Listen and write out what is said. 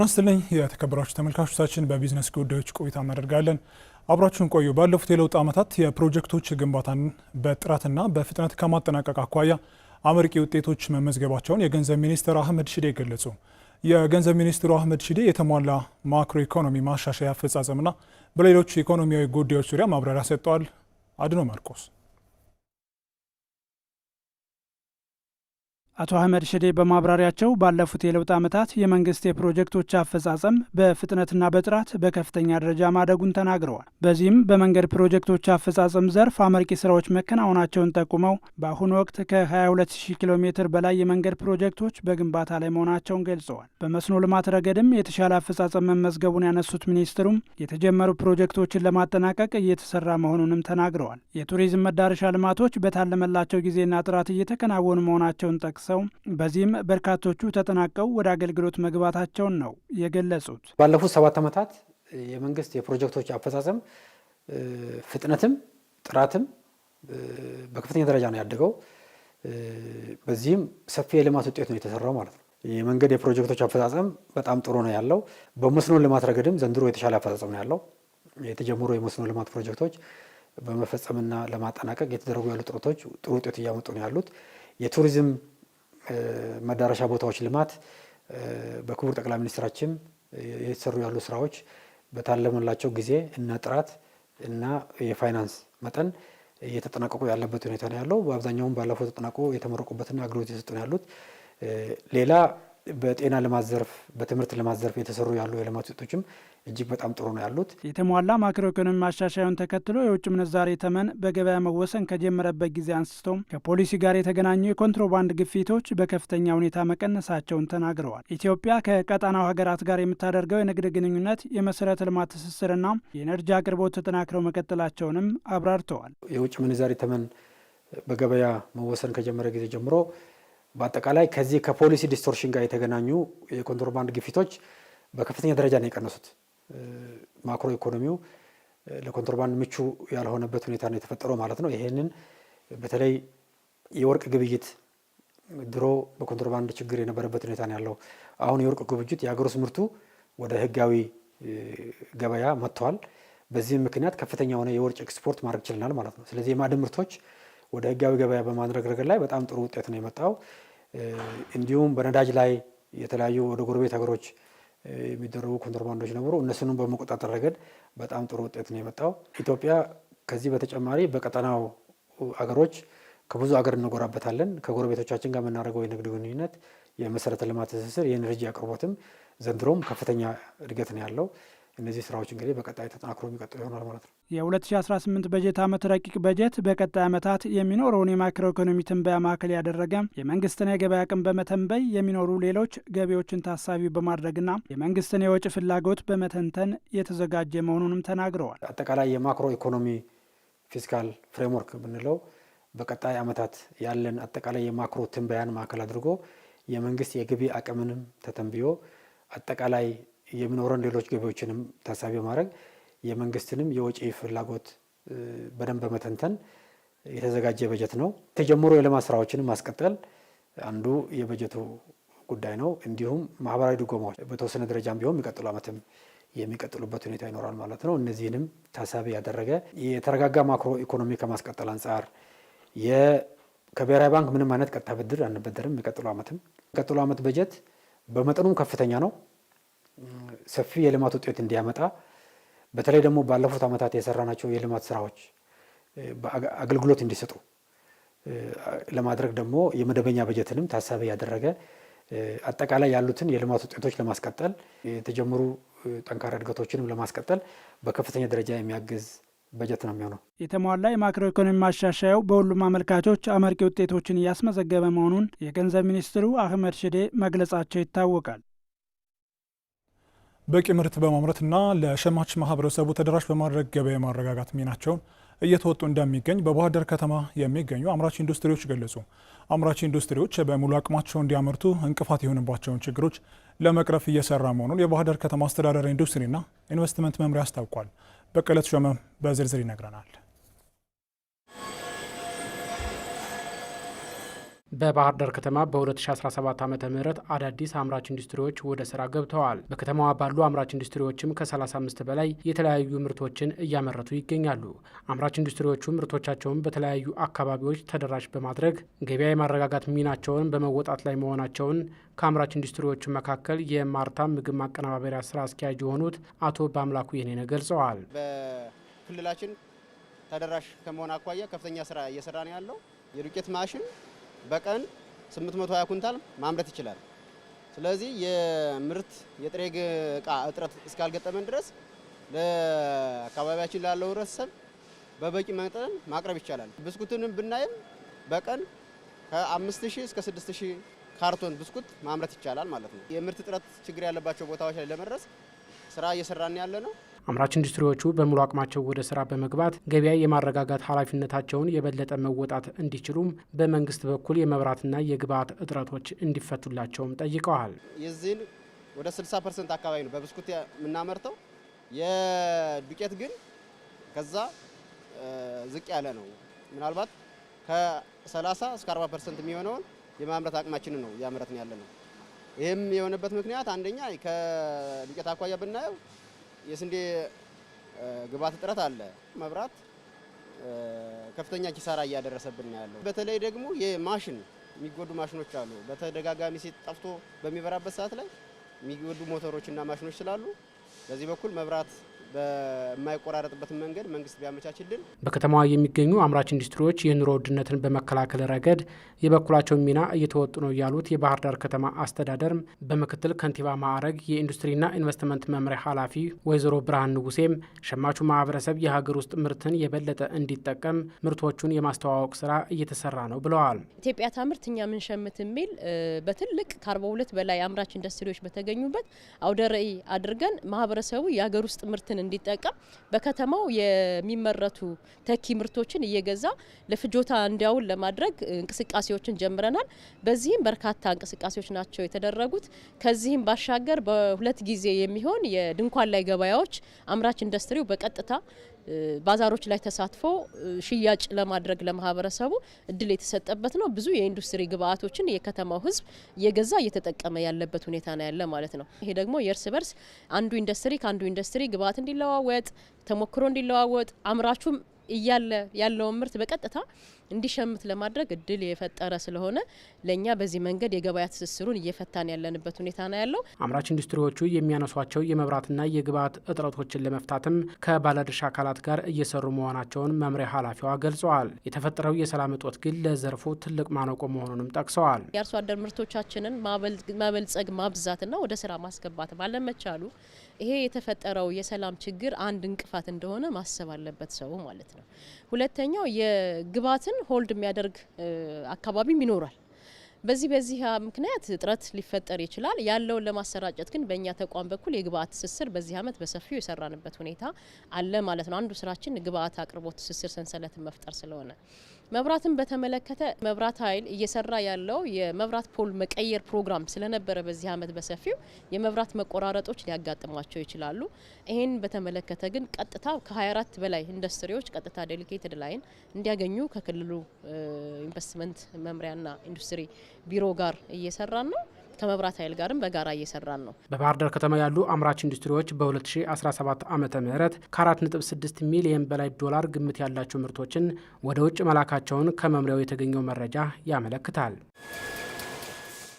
ናስትልኝ የተከበራችሁ ተመልካቾቻችን በቢዝነስ ጉዳዮች ቆይታ እናደርጋለን። አብራችሁን ቆዩ። ባለፉት የለውጥ ዓመታት የፕሮጀክቶች ግንባታን በጥራትና በፍጥነት ከማጠናቀቅ አኳያ አመርቂ ውጤቶች መመዝገባቸውን የገንዘብ ሚኒስትር አህመድ ሽዴ ገለጹ። የገንዘብ ሚኒስትሩ አህመድ ሽዴ የተሟላ ማክሮ ኢኮኖሚ ማሻሻያ አፈጻጸምና በሌሎች ኢኮኖሚያዊ ጉዳዮች ዙሪያ ማብራሪያ ሰጥተዋል። አድኖ መርቆስ አቶ አህመድ ሽዴ በማብራሪያቸው ባለፉት የለውጥ ዓመታት የመንግስት የፕሮጀክቶች አፈጻጸም በፍጥነትና በጥራት በከፍተኛ ደረጃ ማደጉን ተናግረዋል። በዚህም በመንገድ ፕሮጀክቶች አፈጻጸም ዘርፍ አመርቂ ስራዎች መከናወናቸውን ጠቁመው በአሁኑ ወቅት ከ220 ኪሎ ሜትር በላይ የመንገድ ፕሮጀክቶች በግንባታ ላይ መሆናቸውን ገልጸዋል። በመስኖ ልማት ረገድም የተሻለ አፈጻጸም መመዝገቡን ያነሱት ሚኒስትሩም የተጀመሩ ፕሮጀክቶችን ለማጠናቀቅ እየተሰራ መሆኑንም ተናግረዋል። የቱሪዝም መዳረሻ ልማቶች በታለመላቸው ጊዜና ጥራት እየተከናወኑ መሆናቸውን ጠቅሰው ጠቅሰው በዚህም በርካቶቹ ተጠናቀው ወደ አገልግሎት መግባታቸውን ነው የገለጹት። ባለፉት ሰባት ዓመታት የመንግስት የፕሮጀክቶች አፈጻጸም ፍጥነትም ጥራትም በከፍተኛ ደረጃ ነው ያደገው። በዚህም ሰፊ የልማት ውጤት ነው የተሰራው ማለት ነው። የመንገድ የፕሮጀክቶች አፈጻጸም በጣም ጥሩ ነው ያለው። በመስኖ ልማት ረገድም ዘንድሮ የተሻለ አፈጻጸም ነው ያለው። የተጀመሩ የመስኖ ልማት ፕሮጀክቶች በመፈጸምና ለማጠናቀቅ የተደረጉ ያሉ ጥረቶች ጥሩ ውጤት እያመጡ ነው ያሉት። የቱሪዝም መዳረሻ ቦታዎች ልማት በክቡር ጠቅላይ ሚኒስትራችን የተሰሩ ያሉ ስራዎች በታለመላቸው ጊዜ እና ጥራት እና የፋይናንስ መጠን እየተጠናቀቁ ያለበት ሁኔታ ነው ያለው። በአብዛኛውም ባለፈው ተጠናቆ የተመረቁበትና አገልግሎት እየሰጡ ነው ያሉት ሌላ በጤና ልማት ዘርፍ በትምህርት ልማት ዘርፍ የተሰሩ ያሉ የልማት ውጤቶችም እጅግ በጣም ጥሩ ነው ያሉት። የተሟላ ማክሮ ኢኮኖሚ ማሻሻያውን ተከትሎ የውጭ ምንዛሬ ተመን በገበያ መወሰን ከጀመረበት ጊዜ አንስቶ ከፖሊሲ ጋር የተገናኙ የኮንትሮባንድ ግፊቶች በከፍተኛ ሁኔታ መቀነሳቸውን ተናግረዋል። ኢትዮጵያ ከቀጣናው ሀገራት ጋር የምታደርገው የንግድ ግንኙነት፣ የመሰረተ ልማት ትስስርና የኤነርጂ አቅርቦት ተጠናክረው መቀጠላቸውንም አብራርተዋል። የውጭ ምንዛሬ ተመን በገበያ መወሰን ከጀመረ ጊዜ ጀምሮ በአጠቃላይ ከዚህ ከፖሊሲ ዲስቶርሽን ጋር የተገናኙ የኮንትሮባንድ ግፊቶች በከፍተኛ ደረጃ ነው የቀነሱት። ማክሮ ኢኮኖሚው ለኮንትሮባንድ ምቹ ያልሆነበት ሁኔታ ነው የተፈጠረው ማለት ነው። ይህንን በተለይ የወርቅ ግብይት ድሮ በኮንትሮባንድ ችግር የነበረበት ሁኔታ ነው ያለው። አሁን የወርቅ ግብይት የሀገር ውስጥ ምርቱ ወደ ህጋዊ ገበያ መጥተዋል። በዚህም ምክንያት ከፍተኛ የሆነ የወርቅ ኤክስፖርት ማድረግ ችለናል ማለት ነው። ስለዚህ የማዕድን ምርቶች ወደ ህጋዊ ገበያ በማድረግ ረገድ ላይ በጣም ጥሩ ውጤት ነው የመጣው። እንዲሁም በነዳጅ ላይ የተለያዩ ወደ ጎረቤት ሀገሮች የሚደረጉ ኮንትሮባንዶች ነበሩ። እነሱንም በመቆጣጠር ረገድ በጣም ጥሩ ውጤት ነው የመጣው። ኢትዮጵያ ከዚህ በተጨማሪ በቀጠናው አገሮች ከብዙ አገር እንጎራበታለን። ከጎረቤቶቻችን ጋር የምናደርገው የንግድ ግንኙነት፣ የመሰረተ ልማት ትስስር፣ የኤነርጂ አቅርቦትም ዘንድሮም ከፍተኛ እድገት ነው ያለው። እነዚህ ስራዎች እንግዲህ በቀጣይ ተጠናክሮ የሚቀጥሉ ይሆናል ማለት ነው። የ2018 በጀት ዓመት ረቂቅ በጀት በቀጣይ ዓመታት የሚኖረውን የማክሮ ኢኮኖሚ ትንበያ ማዕከል ያደረገ የመንግስትን የገበያ አቅም በመተንበይ የሚኖሩ ሌሎች ገቢዎችን ታሳቢ በማድረግና የመንግስትን የወጪ ፍላጎት በመተንተን የተዘጋጀ መሆኑንም ተናግረዋል። አጠቃላይ የማክሮ ኢኮኖሚ ፊስካል ፍሬምወርክ ብንለው በቀጣይ ዓመታት ያለን አጠቃላይ የማክሮ ትንበያን ማዕከል አድርጎ የመንግስት የግቢ አቅምንም ተተንብዮ አጠቃላይ የሚኖረን ሌሎች ገቢዎችንም ታሳቢ በማድረግ የመንግስትንም የወጪ ፍላጎት በደንብ በመተንተን የተዘጋጀ በጀት ነው። ተጀምሮ የልማት ስራዎችን ማስቀጠል አንዱ የበጀቱ ጉዳይ ነው። እንዲሁም ማህበራዊ ድጎማዎች በተወሰነ ደረጃም ቢሆን የሚቀጥሉ ዓመትም የሚቀጥሉበት ሁኔታ ይኖራል ማለት ነው። እነዚህንም ታሳቢ ያደረገ የተረጋጋ ማክሮ ኢኮኖሚ ከማስቀጠል አንጻር ከብሔራዊ ባንክ ምንም አይነት ቀጥታ ብድር አንበደርም። የሚቀጥሉ ዓመትም የሚቀጥሉ ዓመት በጀት በመጠኑም ከፍተኛ ነው። ሰፊ የልማት ውጤት እንዲያመጣ በተለይ ደግሞ ባለፉት ዓመታት የሰራናቸው የልማት ስራዎች አገልግሎት እንዲሰጡ ለማድረግ ደግሞ የመደበኛ በጀትንም ታሳቢ ያደረገ አጠቃላይ ያሉትን የልማት ውጤቶች ለማስቀጠል የተጀመሩ ጠንካራ እድገቶችንም ለማስቀጠል በከፍተኛ ደረጃ የሚያግዝ በጀት ነው የሚሆነው። የተሟላ የማክሮ ኢኮኖሚ ማሻሻያው በሁሉም አመልካቾች አመርቂ ውጤቶችን እያስመዘገበ መሆኑን የገንዘብ ሚኒስትሩ አህመድ ሽዴ መግለጻቸው ይታወቃል። በቂ ምርት በማምረትና ለሸማች ማህበረሰቡ ተደራሽ በማድረግ ገበያ ማረጋጋት ሚናቸውን እየተወጡ እንደሚገኝ በባህር ዳር ከተማ የሚገኙ አምራች ኢንዱስትሪዎች ገለጹ። አምራች ኢንዱስትሪዎች በሙሉ አቅማቸው እንዲያመርቱ እንቅፋት የሆንባቸውን ችግሮች ለመቅረፍ እየሰራ መሆኑን የባህር ዳር ከተማ አስተዳደር ኢንዱስትሪና ኢንቨስትመንት መምሪያ አስታውቋል። በቀለት ሾመ በዝርዝር ይነግረናል። በባህር ዳር ከተማ በ2017 ዓ ም አዳዲስ አምራች ኢንዱስትሪዎች ወደ ስራ ገብተዋል። በከተማዋ ባሉ አምራች ኢንዱስትሪዎችም ከ35 በላይ የተለያዩ ምርቶችን እያመረቱ ይገኛሉ። አምራች ኢንዱስትሪዎቹ ምርቶቻቸውን በተለያዩ አካባቢዎች ተደራሽ በማድረግ ገበያ የማረጋጋት ሚናቸውን በመወጣት ላይ መሆናቸውን ከአምራች ኢንዱስትሪዎቹ መካከል የማርታ ምግብ ማቀነባበሪያ ስራ አስኪያጅ የሆኑት አቶ በአምላኩ የኔነ ገልጸዋል። በክልላችን ተደራሽ ከመሆን አኳያ ከፍተኛ ስራ እየሰራ ነው ያለው የዱቄት ማሽን በቀን 820 ኩንታል ማምረት ይችላል። ስለዚህ የምርት የጥሬ ቃ እጥረት እስካልገጠመን ድረስ ለአካባቢያችን ላለው ህብረተሰብ በበቂ መጠን ማቅረብ ይቻላል። ብስኩትንም ብናይም በቀን ከ5000 እስከ 6000 ካርቶን ብስኩት ማምረት ይቻላል ማለት ነው። የምርት እጥረት ችግር ያለባቸው ቦታዎች ላይ ለመድረስ ስራ እየሰራን ያለ ነው። አምራች ኢንዱስትሪዎቹ በሙሉ አቅማቸው ወደ ስራ በመግባት ገበያ የማረጋጋት ኃላፊነታቸውን የበለጠ መወጣት እንዲችሉም በመንግስት በኩል የመብራትና የግብዓት እጥረቶች እንዲፈቱላቸውም ጠይቀዋል። የዚህን ወደ 60 ፐርሰንት አካባቢ ነው በብስኩት የምናመርተው። የዱቄት ግን ከዛ ዝቅ ያለ ነው። ምናልባት ከ30 እስከ 40 ፐርሰንት የሚሆነውን የማምረት አቅማችን ነው እያመረትን ያለ ነው። ይህም የሆነበት ምክንያት አንደኛ ከዱቄት አኳያ ብናየው የስንዴ ግብዓት እጥረት አለ። መብራት ከፍተኛ ኪሳራ እያደረሰብን ያለው በተለይ ደግሞ የማሽን የሚጎዱ ማሽኖች አሉ። በተደጋጋሚ ሴት ጠፍቶ በሚበራበት ሰዓት ላይ የሚጎዱ ሞተሮችና ማሽኖች ስላሉ በዚህ በኩል መብራት በማይቆራረጥበት መንገድ መንግስት ቢያመቻችልን። በከተማዋ የሚገኙ አምራች ኢንዱስትሪዎች የኑሮ ውድነትን በመከላከል ረገድ የበኩላቸውን ሚና እየተወጡ ነው ያሉት የባህር ዳር ከተማ አስተዳደር በምክትል ከንቲባ ማዕረግ የኢንዱስትሪና ኢንቨስትመንት መምሪያ ኃላፊ ወይዘሮ ብርሃን ንጉሴም ሸማቹ ማህበረሰብ የሀገር ውስጥ ምርትን የበለጠ እንዲጠቀም ምርቶቹን የማስተዋወቅ ስራ እየተሰራ ነው ብለዋል። ኢትዮጵያ ታምርት እኛ ምንሸምት የሚል በትልቅ ከአርባ ሁለት በላይ አምራች ኢንዱስትሪዎች በተገኙበት አውደ ርዕይ አድርገን ማህበረሰቡ የሀገር ውስጥ ምርትን እንዲጠቀም በከተማው የሚመረቱ ተኪ ምርቶችን እየገዛ ለፍጆታ እንዲያውል ለማድረግ እንቅስቃሴዎችን ጀምረናል። በዚህም በርካታ እንቅስቃሴዎች ናቸው የተደረጉት። ከዚህም ባሻገር በሁለት ጊዜ የሚሆን የድንኳን ላይ ገበያዎች አምራች ኢንዱስትሪው በቀጥታ ባዛሮች ላይ ተሳትፎ ሽያጭ ለማድረግ ለማህበረሰቡ እድል የተሰጠበት ነው። ብዙ የኢንዱስትሪ ግብአቶችን የከተማው ህዝብ እየገዛ እየተጠቀመ ያለበት ሁኔታ ነው ያለ ማለት ነው። ይሄ ደግሞ የእርስ በርስ አንዱ ኢንዱስትሪ ከአንዱ ኢንዱስትሪ ግብአት እንዲለዋወጥ፣ ተሞክሮ እንዲለዋወጥ አምራቹም እያለ ያለውን ምርት በቀጥታ እንዲሸምት ለማድረግ እድል የፈጠረ ስለሆነ ለእኛ በዚህ መንገድ የገበያ ትስስሩን እየፈታን ያለንበት ሁኔታ ነው ያለው። አምራች ኢንዱስትሪዎቹ የሚያነሷቸው የመብራትና የግብዓት እጥረቶችን ለመፍታትም ከባለድርሻ አካላት ጋር እየሰሩ መሆናቸውን መምሪያ ኃላፊዋ ገልጸዋል። የተፈጠረው የሰላም እጦት ግን ለዘርፉ ትልቅ ማነቆ መሆኑንም ጠቅሰዋል። የአርሶ አደር ምርቶቻችንን ማበልጸግ ማብዛትና ወደ ስራ ማስገባት ባለመቻሉ ይሄ የተፈጠረው የሰላም ችግር አንድ እንቅፋት እንደሆነ ማሰብ አለበት ሰው ማለት ነው። ሁለተኛው የግብዓትን ሆልድ የሚያደርግ አካባቢም ይኖራል። በዚህ በዚህ ምክንያት እጥረት ሊፈጠር ይችላል። ያለውን ለማሰራጨት ግን በእኛ ተቋም በኩል የግብአት ትስስር በዚህ ዓመት በሰፊው የሰራንበት ሁኔታ አለ ማለት ነው። አንዱ ስራችን ግብአት አቅርቦት ትስስር ሰንሰለትን መፍጠር ስለሆነ መብራትን በተመለከተ መብራት ኃይል እየሰራ ያለው የመብራት ፖል መቀየር ፕሮግራም ስለነበረ በዚህ ዓመት በሰፊው የመብራት መቆራረጦች ሊያጋጥሟቸው ይችላሉ። ይህን በተመለከተ ግን ቀጥታ ከ24 በላይ ኢንዱስትሪዎች ቀጥታ ዴሊኬትድ ላይን እንዲያገኙ ከክልሉ ኢንቨስትመንት መምሪያና ኢንዱስትሪ ቢሮ ጋር እየሰራን ነው። ከመብራት ኃይል ጋርም በጋራ እየሰራን ነው። በባህር ዳር ከተማ ያሉ አምራች ኢንዱስትሪዎች በ2017 ዓ ም ከ4.6 ሚሊየን በላይ ዶላር ግምት ያላቸው ምርቶችን ወደ ውጭ መላካቸውን ከመምሪያው የተገኘው መረጃ ያመለክታል።